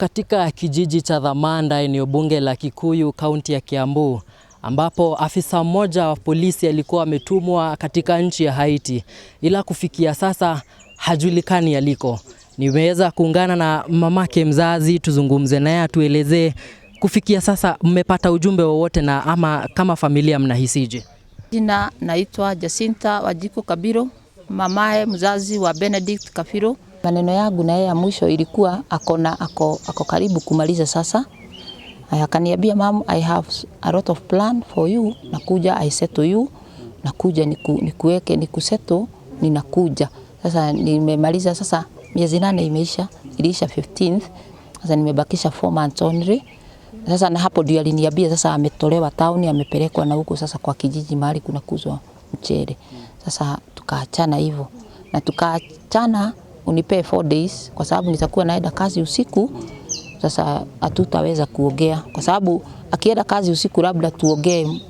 Katika kijiji cha Dhamanda, eneo bunge la Kikuyu, kaunti ya Kiambu, ambapo afisa mmoja wa polisi alikuwa ametumwa katika nchi ya Haiti, ila kufikia sasa hajulikani aliko. Nimeweza kuungana na mamake mzazi, tuzungumze naye atuelezee kufikia sasa mmepata ujumbe wowote, na ama kama familia mnahisije? Jina naitwa Jacinta Wajiko Kabiro, mamaye mzazi wa Benedict Kafiro. Maneno yangu na yeye ya mwisho ilikuwa akona ako, ako karibu kumaliza sasa. Akaniambia mom, I have a lot of plan for you. Nakuja I settle you. Nakuja niku, nikuweke nikusettle ninakuja. Sasa nimemaliza sasa miezi nane imeisha, iliisha 15th. Sasa nimebakisha 4 months only. Sasa na hapo ndio aliniambia sasa ametolewa town amepelekwa na huko sasa kwa kijiji mahali kuna kuzwa mchele. Sasa tukaachana hivyo na tukaachana unipe four days, kwa sababu nitakuwa naenda kazi usiku. Sasa hatutaweza kuogea kwa sababu akienda kazi usiku, labda tuogee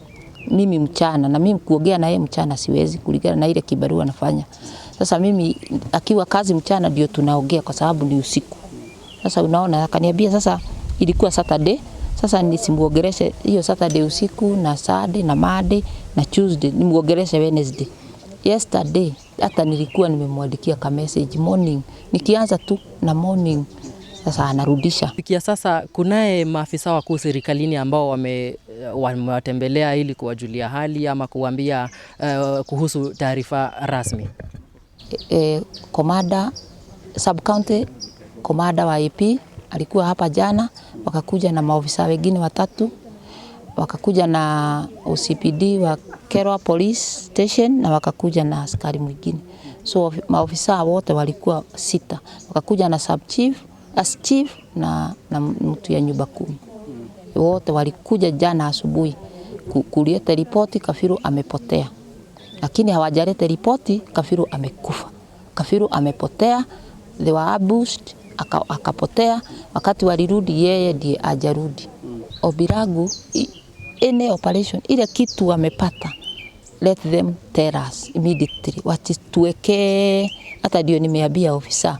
mimi mchana, na mimi kuongea naye mchana siwezi, kulingana na ile kibarua nafanya. Sasa mimi akiwa kazi mchana ndio tunaogea kwa sababu ni usiku. Sasa unaona, akaniambia sasa ilikuwa Saturday sasa nisimuongereshe hiyo Saturday usiku na Sunday na Monday na Tuesday, nimuongereshe Wednesday. Yesterday hata nilikuwa nimemwandikia ka message morning, nikianza tu na morning sasa anarudisha. Fikia sasa kunaye maafisa wakuu serikalini ambao eh, wamewatembelea ili kuwajulia hali ama kuambia uh, eh, kuhusu taarifa rasmi e, e, sub county komanda wa IP alikuwa hapa jana, wakakuja na maofisa wengine watatu wakakuja na OCPD wa Kerwa Police Station na wakakuja na askari mwingine, so maofisa wote walikuwa sita, wakakuja na sub chief, as chief na, na mtu ya nyumba kumi, wote walikuja jana asubuhi kuleta ripoti Kafiru amepotea, lakini hawajaleta ripoti Kafiru amekufa, Kafiru amepotea, they were abused, akapotea. Wakati walirudi yeye ndiye ajarudi. Mm. Obiragu any operation ile kitu wamepata, let them tell us immediately, wasituwekee hata. Ndio nimeambia ofisa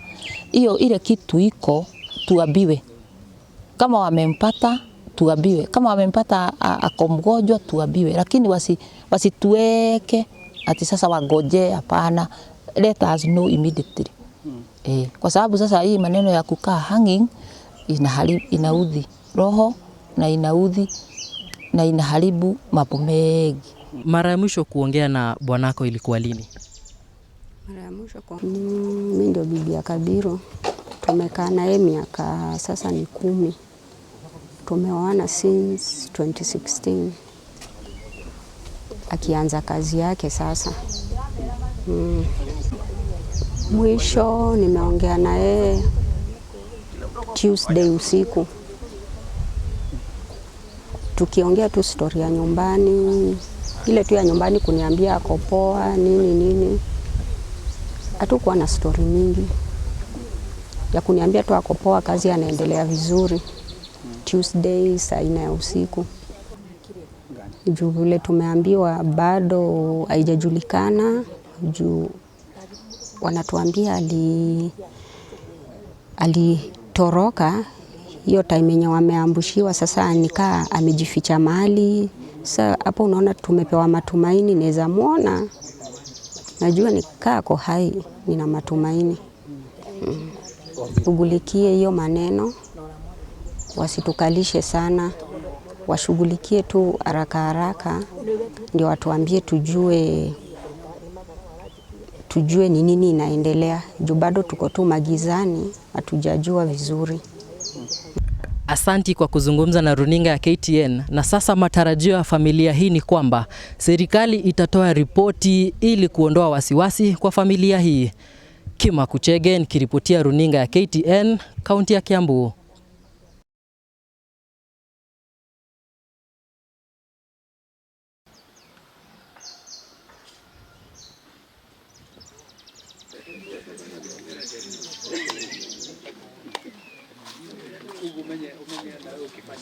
hiyo, ile kitu iko tuambiwe, kama wamempata tuambiwe, kama wamempata ako mgonjwa tuambiwe, lakini wasi wasituweke ati sasa wagoje. Hapana, let us know immediately. Hmm. Eh, kwa sababu sasa hii maneno ya kukaa hanging inaudhi roho na inaudhi na inaharibu mambo mengi. Mara ya mwisho kuongea na bwanako ilikuwa lini? Mara ya mwisho kwa mimi mm, ndio bibi ya Kabiro, tumekaa naye miaka sasa ni kumi. Tumeoana since 2016 akianza kazi yake sasa. Mm. Mwisho nimeongea naye Tuesday usiku tukiongea tu stori ya nyumbani, ile tu ya nyumbani, kuniambia ako poa nini nini. Hatukuwa na stori mingi ya kuniambia tu ako poa, kazi anaendelea vizuri. Tuesday saa ina ya usiku juu vile tumeambiwa bado haijajulikana, juu wanatuambia ali alitoroka hiyo time yenye wameambushiwa sasa, nikaa amejificha mahali. Sasa hapo unaona tumepewa matumaini, naweza muona, najua nikaa ako hai, nina matumaini mm. Shughulikie hiyo maneno, wasitukalishe sana, washughulikie tu haraka haraka, ndio watuambie tujue tujue ni nini inaendelea, juu bado tuko tu magizani, hatujajua vizuri. Asanti kwa kuzungumza na runinga ya KTN. Na sasa matarajio ya familia hii ni kwamba serikali itatoa ripoti ili kuondoa wasiwasi kwa familia hii. Kima Kuchege nikiripotia runinga ya KTN, kaunti ya Kiambu. my